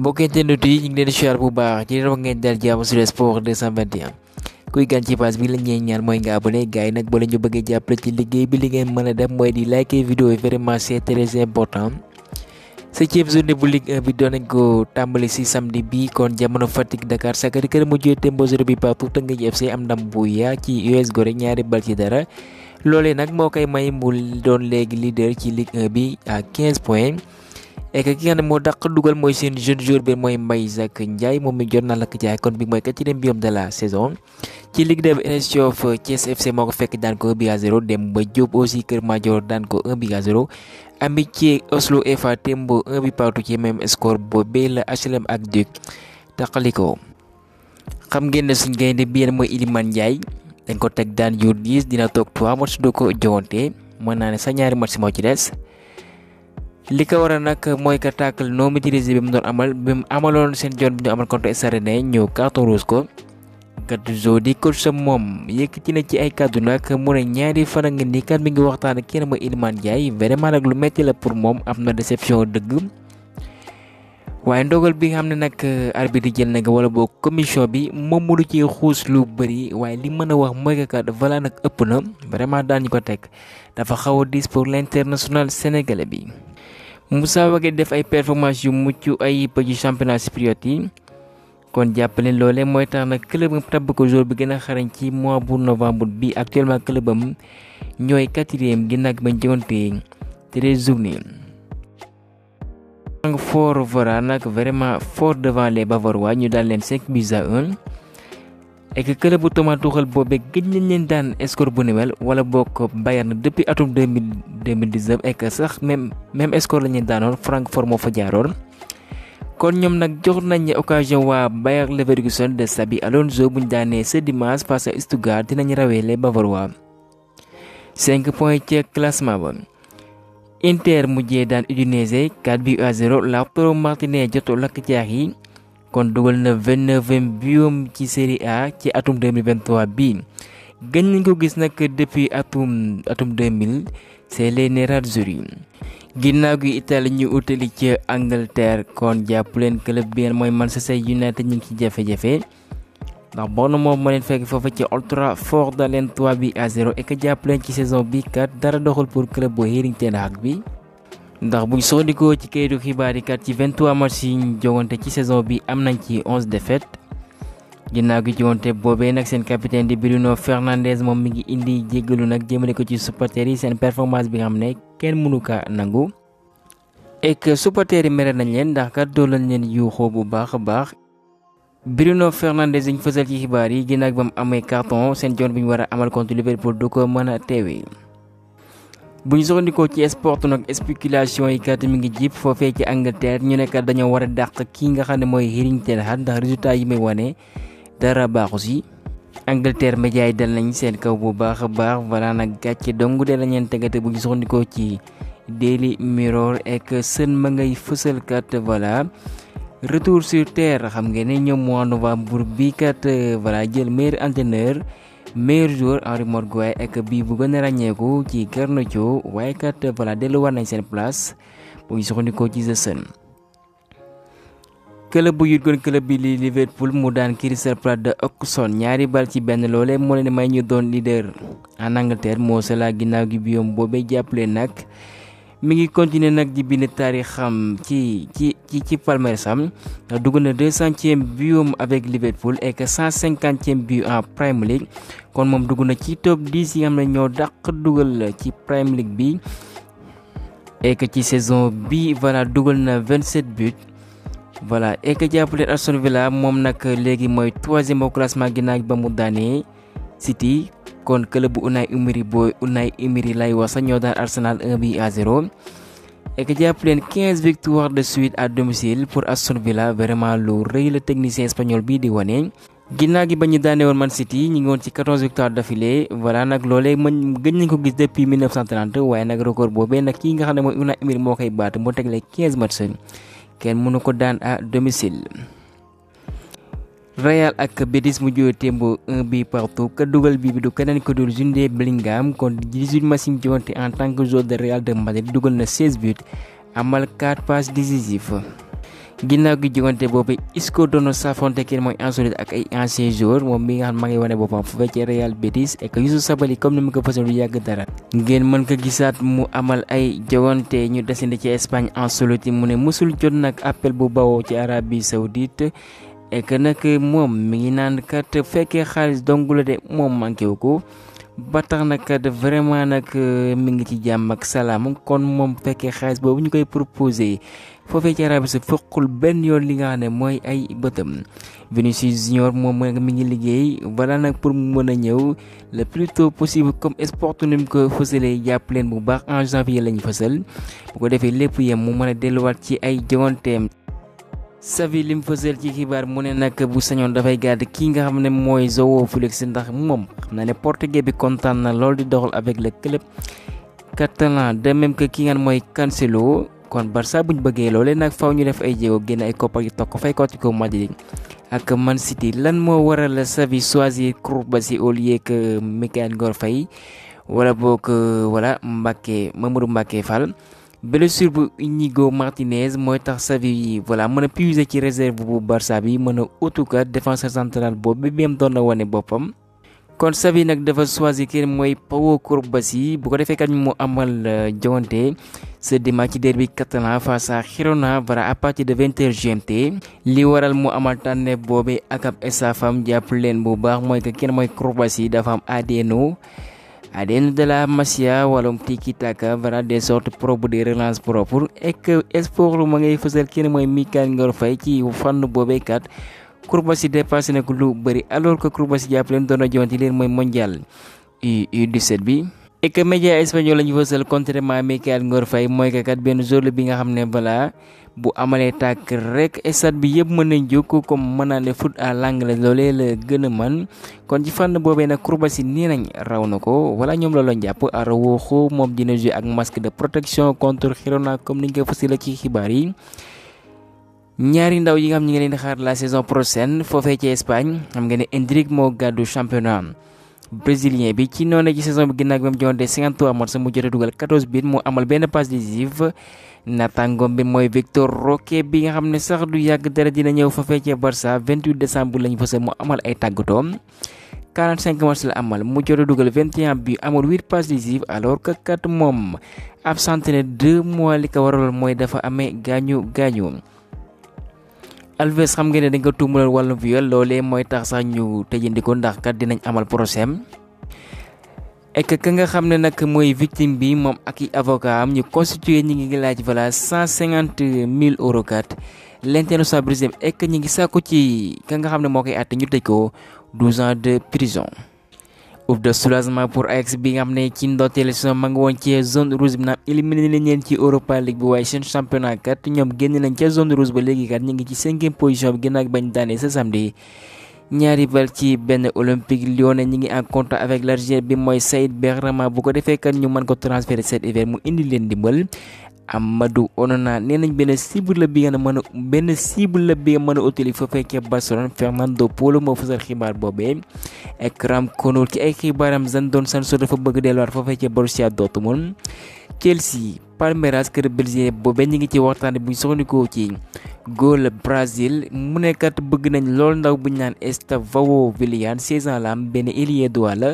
mbokk internet di ñu ngi leen siyaar bu baax ci leen wax ngeen dal jàmm sur sport 221 kuy gan ci page bi la ñuy ñaan mooy nga abonné gars yi nag ba la ñu bëggee jàppale ci di like video yi very c'est très important septième journée bu Ligue 1 bi doon nañ ko tàmbali bi kon jamono Dakar Sacré-Cœur mu jël tembo zéro bi partout Teungueth FC am ndam bu yaa US gorengnya ñaari balik darah dara enak mau kayak main may mu leader cilik Ligue bi ah, 15 points et que ki nga ne moo dàq dugal mooy seen jeune joueur bi mooy Mbaye Jacques Ndiaye moom mi jot na lakk jaay kon bi mooy quatrième biom de la saison ci Ligue 2 Éneziof Thiès FC moo ko fekk daan ko 1 bi à 0 dem ba Diop aussi Kër Madior daan ko 1 bi à ci Amitié Oslo FA Tembo 1 bi partout ci même score boobee la HLM ak Duc taqaliko xam ngeen ne suñ gaynde bi yéen mooy Iliman Ndiaye dañ ko teg daan yu diis dina toog 3 match du ko joŋante mën naa ne sa ñaari match moo ci des. li ko war a nag mooy que tacle non maîtrisé bi mu doon amal bi mu amaloon seen jot bi ñu amal contre Stade ñëw carton rouge ko. Gattuso di coach sa moom ci na ci ay kàddu nag mu ne ñaari fan a nga ni kat mi ngi waxtaan ak kenn mooy Iliman Ndiaye vraiment nag lu metti la pour moom am na déception dëgg. waaye ndogal bi nga xam ne nag arbitre jël na nga wala boo commission bi moom mënu ci xuus lu bëri waaye li mën a wax mooy kat voilà nag ëpp na vraiment daañu ko teg dafa xaw a diis pour l' bi. Moussa Wagué def ay performance yu mucc ay ci championnat cypriote yi kon jàppale loole mooy tax nag club am tabb ko jour bi gën a xarañ ci mois bu novembre bi actuellement club am ñooy quatrième gi nag bañ jogante treize journées. Francfort-Varane nag vraiment fort devant les Bavarois ñu daal leen 5 buts et que club bu Thomas Tuchel boobee gëj nañ leen daan score bu ni mel wala bokk Bayern depuis atum deux mille deux mille dix neuf et que sax même même score daanoon Francfort moo fa jaaroon. kon ñoom nag jox nañ occasion waa Bayer Leverkusen de Xabi Alonso buñ daanee ce dimanche face à Stuttgart dinañ rawee les Bavarois. cinq points ci classement ba. Inter mujjee daan Udinese 4 bi à la Lautaro Martinez jotoo lakk jaax yi. kon dugal na vingt neuvième biom ci Serie A ci atum 2023 bii gën nañ ko gis nag depuis atum atum 2000 c'est les nerazzurri ginnaaw gi Italie ñuy utali ci Angleterre kon jàpp leen club bi mooy man sa Manchester United ñu ngi ci jafe-jafe ndax bon moom moo leen fekk foofa ci Old Trafford da leen 3 bi à 0 et jàpp leen ci saison bi kat dara doxul pour club bu Erik ten Hag bi. ndax buñ soxandikoo ci kayitu xibaar yi kat ci 23 match yi ñu jogante ci saison bi am nañ ci onze défaites ginnaaw gi jogante boobee nag seen capitaine di Bruno Fernandes moom mi ngi indi jéggalu nag jëmale ko ci supporters yi seen performance bi nga xam ne kenn mënu ka nangu. ek supporters yi mere nañ leen ndax kat doon lañ leen yuuxoo bu baax a baax. Bruno Fernandes dañ fësal ci xibaar yi ginnaaw ba mu amee carton seen jon bi ñu war a amal contre Liverpool du ko mën a teewee. bu ñu soxandikoo ci sport nag spéculation yi kat mi ngi jiib foofee ci Angleterre ñu nekkat dañoo war a dàq kii nga xam ne mooy Erik ten Hag ndax résultat yi muy wane dara baaxu si. Angleterre média yi dal nañ seen kaw bu baax a baax voilà nag gàcce dong de la ñeen tegate bu ñu soxandikoo ci Daily Mirror ek sën ma ngay fësal kat voilà. retour sur terre xam nga ne ñoom mois novembre bii kat voilà jël meilleur entraîneur Mirjur arimorgoe eke bibu goneranyeku jiker nojo waika te balade luar naisen plus pungisokon di koji zesen. Kelebu yudgon kelebi li Liverpool mudan Crystal Palace Oxon ñaari bal ci benn lolé mo leen may ñu doon leader en Angleterre mo sala ginaaw gi biom bobé jappelé nak mi ngi continuer nak di bind taarixam ci ci ci ci palmarès am dugg na 200e biom avec Liverpool et que 150e but en Premier League kon moom dugg na ci top 10 yi am na ñoo dàq dugal ci Premier League bi et que ci saison bi voilà dugal na 27 buts voilà et que jàppale Aston Villa moom nag léegi mooy troisième au classement ginnaaw ba mu daanee. City kon club Unai Emery boy Unai Emery lay wasa ñoo Arsenal 1 bi à 0 et que jàpp leen 15 victoires de suite à domicile pour Aston Villa vraiment lu rëy la technicien espagnol bi di wane. ginnaaw gi ba ñu daane Man City ñu ngi woon ci 14 victoires d'affilée voilà nag loolee mën gën nañ ko gis depuis 1930 waaye nag record boobee nag kii nga xam ne Unai Emery moo koy baat mu tegle 15 matchs kenn mënu ko daan à domicile. Real ak Betis mu mujjoo tembo bi partout ka dugal bi bi du keneen ko dul Jude Bellingham kon 18 matchs yi jonte en tant que joueur de Real de Madrid dugal na 16 buts amal 4 passes décisives. ginnaaw gi jogante boobu Isco doon na saafonte kenn mooy insolite ak ay anciens joueurs moom mi nga xam ma ngi wane boppam fu fekkee Real Betis et que Youssouf Sabaly comme ni mu ko fasoon du yàgg dara. ngeen mën ko gisaat mu amal ay jogante ñu desandi ci Espagne Ancelotti mu bawoo ci Arabie et que nag moom mi ngi naan kat fekkee xaalis dong la de moom manqué wu ko ba tax na kat vraiment nag euh, mi ngi ci jàmm ak salaam kon moom fekkee xaalis boobu ñu koy proposé foofee ci Arabie Saoudite foqul benn yoon li nga xam ne mooy ay bëtam. Vinicius Junior moom mooy nga mi ngi liggéey balaa nag pour mu mën a ñëw le plus tôt possible comme sport ni mu ko fësalee jàpp leen bu baax en janvier lañu fësal bu ko defee lépp yem mu mën a delluwaat ci ay jonganteem. Xavi li mu fësal ci xibaar mu ne nag bu sañoon dafay garder kii nga xam ne mooy João Félix ndax moom xam na ne portugais bi kontaan na lool di doxal avec le club catalan de même que ki nga mooy Cancelo kon Barça buñ bëggee loole nag faw ñu def ay jéego génn ay koppar yu ko fay ko ci ko Madrid ak Man siti lan moo waral Xavi choisir Cubarsí au lieu que Mikayil Ngor Faye wala boog wala euh, Mbacké Mamadou Mbacké fal blessure bu Inigo Martinez mooy tax un yi voilà mën a puiser ci réserve bu Barça bi mën a utukat défenseur central boobu bi am doon na wane kon savi nag dafa choisir mooy Pau bu ko defee kat mu amal euh, ce dimanche face à Girona à partir de 20h GMT. li waral mu amal tànne Bobé, ak ab estafam jàpp leen bu baax mooy que kenn mooy dafa am ADN. a la de la Masia wàllum tiki-taka vara des sortes propres de relance propre pour espoir lu ma ngay fësal kenn mooy Mikal Ngor fay ci fànn boobee kat Kourbassi dépassé na ko lu bëri alors que Kourbassi jàpp leen doon a jonti leen mooy mondial U17 et que média espagnol la ñu fësal contrairement Mikayil Ngor Faye mooy que kat benn jour bi nga xam ne balaa bu amalee tàkk rek stade bi yëpp mën nañ jóg comme mën naa ne foot à l'anglais loolee la gën man kon ci fann boobee nag Kourbassi nii nañ raw na ko wala ñoom la loon jàpp Araujo moom dina jouer ak masque de protection contre Girona comme ni niñ ko la ci xibaar yi. ñaari ndaw yi nga xam ñu ngi leen xaar la saison prochaine foofee ci Espagne xam nga ne Endrick moo gàddu championnat brésilien bi ci noonu ci saison bi ginnaaw bi mu joxante 53 match mu jot a dugal 14 bit mu amal benn passe décisive naataangoom bi mooy Victor Roque bi nga xam ne sax du yàgg dara dina ñëw fa fekkee Barça 28 décembre lañu fësal mu amal ay tàggatoom 45 match la amal mu jot a dugal 21 bi amal 8 passes décisives alors que kat moom absenté na 2 mois li ko waraloon mooy dafa amee gaañu gaañu. Alves xam nga ne dañ ko tuumalal wàllum viol loolee mooy tax sax ñu tëjandiko ndax kat dinañ amal procès et que ka nga xam ne nag mooy victime bi moom ak i avocat am ñu constitué ñi ngi laaj voilà cent cinquante mille euros kat l'international brésilien et que ñi ngi saako ci ka nga xam ne moo koy àtte ñu tëj ko douze ans de prison ouf de pour Ajax bi nga xam ne ci ndorteel saison ma ngi woon ci zone rouge bi naam éliminé nañ leen ci Europa League bi waaye seen championnat kat ñoom génn nañ ca zone rouge ba léegi kat ñu ngi ci cinquième position bi ginnaaw bañ daanee sa samedi. ñaari bal ci benn Olympique Lyon ñi ngi en contact avec l'Algérie bi mooy Saïd Berrama bu ko defee kat ñu mën ko transférer cet hiver mu indi leen dimbal Amadou Onana nee nañ benn cible la bi nga mën a benn cible la bi nga mën a utile fa fekkee Barcelone Fernando Polo moo fësal xibaar boobee Ekram Konur ci ay xibaaram Jadon Sancho dafa bëgg delluwaat fa fekkee Borussia Dortmund Chelsea Palmeiras kër Brésil boobee ñu ngi ci waxtaan bu ñu soxnikoo ci góol Brésil mu nekkat bëgg nañ lool ndaw bu ñu naan Estevão Willian 16 ans la am benn ailier droit la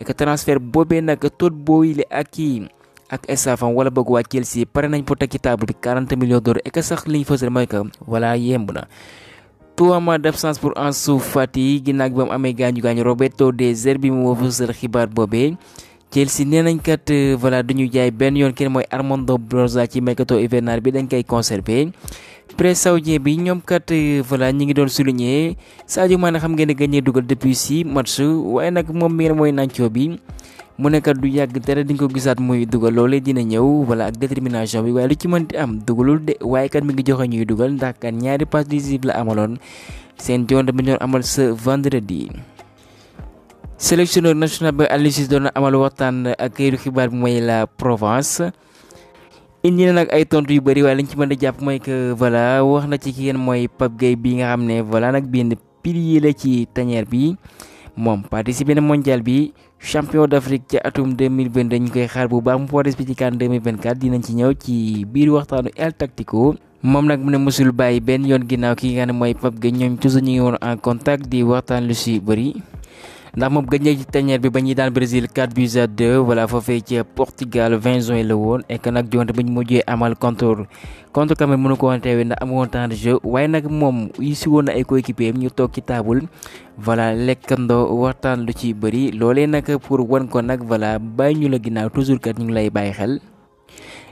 ak transfert boobee nag tot booy le ak ak estafam wala bëgg waa Chelsea pare nañ pour teg ci table bi 40 millions d'euros et que sax li ñu fësal mooy que voilà yemb na. trois mois d'absence pour Ansu Fati ginnaaw bi amee gaañu gaañu Roberto De Zerbi moo fësal euh, ñu jaay benn yoon kenn mooy Armando Broza ci mercato hivernal bi dañ koy conserver presse saoudien bi ñoom kat euh, voilà ñi ngi doon souligner Sadio Mané xam ngeen ne gagné dugal depuis si match waaye nag moom mi mooy Nacho bi. mu nekkat du yàgg ya dara di nga ko gisaat muy dugal loolee dina ñëw wala ak détermination bi waaye lu ci mënti am dugalul de waaye kat mi ngi joxe ñuy dugal ndax ñaari kan passe décisive la amaloon seen jonte bi ñoon amal ce vendredi. sélectionneur national bi Aliou Cissé doon amal waxtaan ak këru xibaar bi mooy la Provence. indi na nag ay tontu yu bëri waaye liñ ci mën a jàpp mooy que voilà wax na ci ki ngeen mooy Pape Gueye bi nga xam ne voilà nag benn pilier la ci tanière bi moom participé na mondial bi champion d'Afrique ci atum 2020 dañ koy xaar bu baax mu Forest bi ci CAN 2024 dinañ ci ñëw ci biir waxtaanu El Tactico moom nag mu ne mësul bàyyi benn yoon ginnaaw ki nga xam ne mooy Pape Gueye ñoom toujours ñu ngi woon en contact di waxtaan lu si bëri. ndax moom gëj na ci teñeer bi ba ñuy daan Brésil 4 buts à 2 voilà foofee ci Portugal 20 juin la woon et que nag jonte ba ñu mujjee amal contre contre Cameroun mënu ko woon teewee ndax amu woon temps waaye nag moom yi si woon na ay coéquipier ñu toog ci table voilà lekkandoo waxtaan lu ci bëri loolee nag pour wan ko nag wala bàyyi ñu la ginnaaw toujours kat ñu ngi lay bàyyi xel.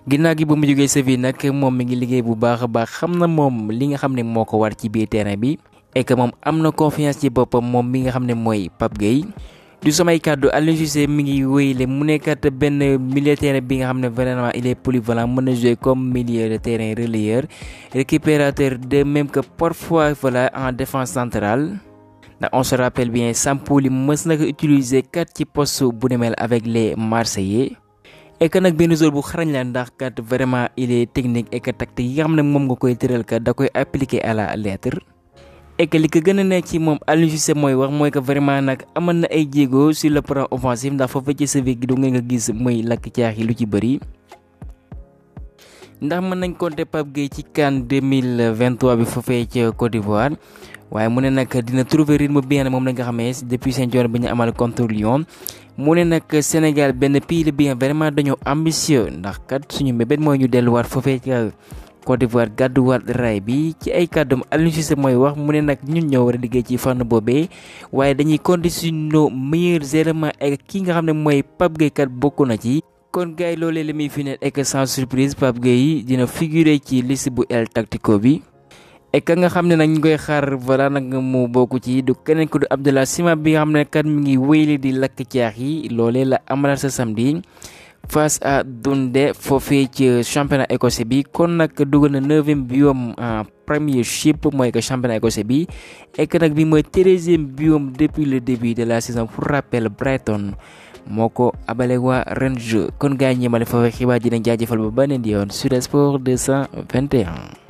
ginnaaw gi ba mu jógee Séville nag moom mi ngi liggéey bu baax a baax xam na moom li nga xam ne moo ko war ci biir terrain bi et que moom am na confiance ci boppam moom mi nga xam ne mooy Pape Gueye du samay kàddu Aliou Cissé mi ngi wéyle mu nekkat benn milieu terrain bi nga xam ne vraiment il est polyvalent mën jouer comme milieu de terrain relayeur récupérateur de même que parfois voilà en défense centrale on se rappelle bien Sampoli mës na ko utiliser kat ci poste bu ne avec les Marseillais et que nak benn zone bu xarañ la ndax kat vraiment il est technique et que tactique yi nga xam ne moom nga koy tëral kat da koy appliquer à la lettre. et que li ko gën a nekk ci moom Aliou Cissé mooy wax mooy que vraiment nag amal na ay jéego sur le plan offensif ndax foofu ci CV gi do nga gis mooy lakk lu ci ndax nañ compter ci 2023 bi ci Côte d'Ivoire dina trouver rythme bi nga la nga xamee depuis seen joor bi amal contre Lyon mu ne nag Sénégal benn pays la bi vraiment dañoo ambitieux ndax kat suñu mbébét ñu ci Côte d'Ivoire gàdduwaat raay bi ci ay kàddum Aliou Cissé mooy wax mu ne nag ñun ñoo war a liggéey ci fànn boobee waaye dañuy conditionner meilleurs éléments ak ki nga xam ne mooy Pape Gueye kat bokk na ci. kon gars yi loolee muy fi ne ek sans surprise Pape Gueye dina figurer ci liste bu El Tactico bi. ek nga xam ne nag ñu koy xaar voilà nag mu bokk ci du keneen ko du Abdallah Sima bi xam ne kat mi ngi wéyale di lakk caax yi la amalaat sa samedi. face à Dundee foofee ci championnat écossais bi kon nag dugal na neuvième biom en euh, premiership mooy que championnat écossais bi et que nag bi mooy treizième biom depuis le début de la saison pour rappel Brighton moo ko abale waa Rangers kon gaañ ñi ma ne foofee xibaar dinañ jaajëfal ba beneen yoon Sud Sport 221.